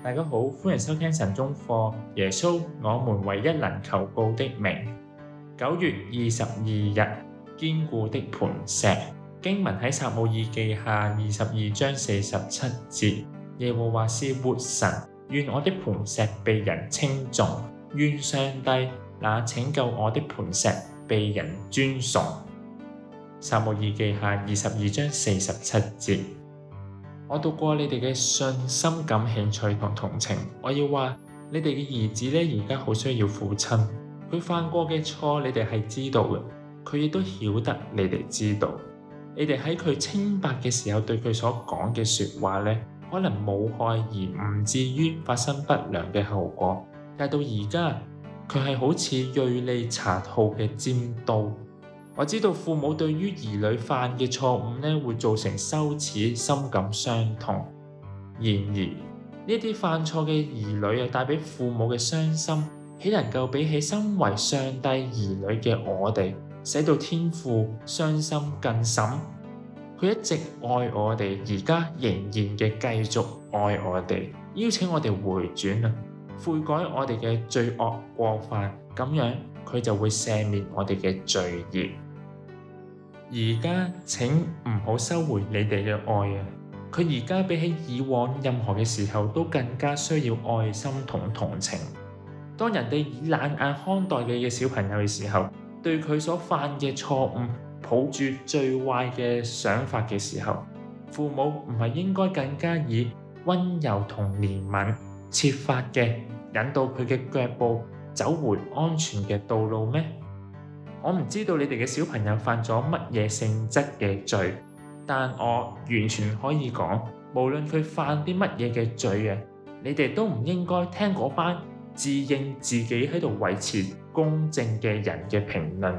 大家好，歡迎收聽晨鐘課。耶穌，我們唯一能求告的名。九月二十二日，堅固的磐石。經文喺撒母耳記下二十二章四十七節。耶和華是活神，願我的磐石被人稱頌，願上帝那拯救我的磐石被人尊崇。撒母耳記下二十二章四十七節。我讀過你哋嘅信心、感興趣同同情。我要話你哋嘅兒子咧，而家好需要父親。佢犯過嘅錯，你哋係知道嘅，佢亦都曉得你哋知道。你哋喺佢清白嘅時候對佢所講嘅說話咧，可能冇害而唔至於發生不良嘅後果。但到而家，佢係好似銳利殘酷嘅尖刀。我知道父母對於兒女犯嘅錯誤咧，會造成羞恥、深感傷痛。然而呢啲犯錯嘅兒女又帶俾父母嘅傷心，豈能夠比起身為上帝兒女嘅我哋，使到天父傷心更甚？佢一直愛我哋，而家仍然嘅繼續愛我哋，邀請我哋回轉啊，悔改我哋嘅罪惡過犯，咁樣佢就會赦免我哋嘅罪孽。而家請唔好收回你哋嘅愛啊！佢而家比起以往任何嘅時候都更加需要愛心同同情。當人哋以冷眼看待佢嘅小朋友嘅時候，對佢所犯嘅錯誤抱住最壞嘅想法嘅時候，父母唔係應該更加以溫柔同憐憫，設法嘅引導佢嘅腳步走回安全嘅道路咩？我唔知道你哋嘅小朋友犯咗乜嘢性質嘅罪，但我完全可以講，無論佢犯啲乜嘢嘅罪，你哋都唔應該聽嗰班自認自己喺度維持公正嘅人嘅評論，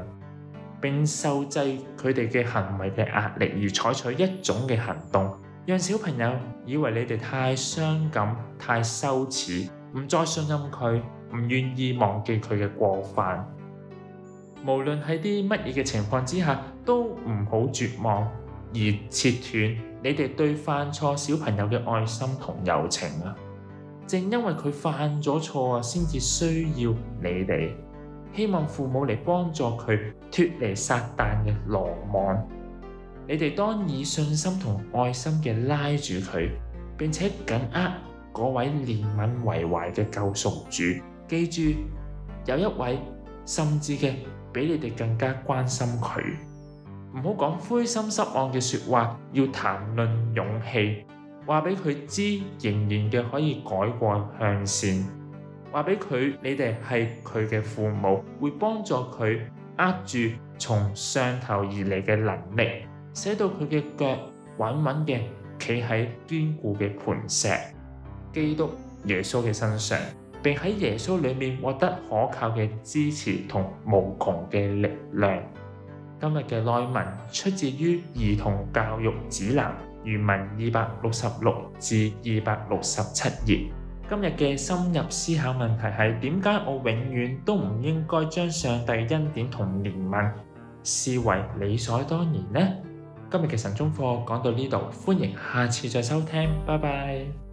並受制佢哋嘅行為嘅壓力而採取一種嘅行動，讓小朋友以為你哋太傷感、太羞恥，唔再信任佢，唔願意忘記佢嘅過犯。無論喺啲乜嘢嘅情況之下，都唔好絕望而切斷你哋對犯錯小朋友嘅愛心同友情啊！正因為佢犯咗錯啊，先至需要你哋希望父母嚟幫助佢脫離撒旦嘅羅網。你哋當以信心同愛心嘅拉住佢，並且緊握嗰位憐憫為懷嘅救贖主。記住，有一位甚至嘅。俾你哋更加關心佢，唔好講灰心失望嘅說話，要談論勇氣，話俾佢知仍然嘅可以改過向善，話俾佢你哋係佢嘅父母，會幫助佢握住從上頭而嚟嘅能力，使到佢嘅腳穩穩嘅企喺堅固嘅磐石基督耶穌嘅身上。並喺耶穌裏面獲得可靠嘅支持同無窮嘅力量。今日嘅內文出自於《兒童教育指南》原文二百六十六至二百六十七頁。今日嘅深入思考問題係：點解我永遠都唔應該將上帝恩典同憐憫視為理所當然呢？今日嘅晨中課講到呢度，歡迎下次再收聽，拜拜。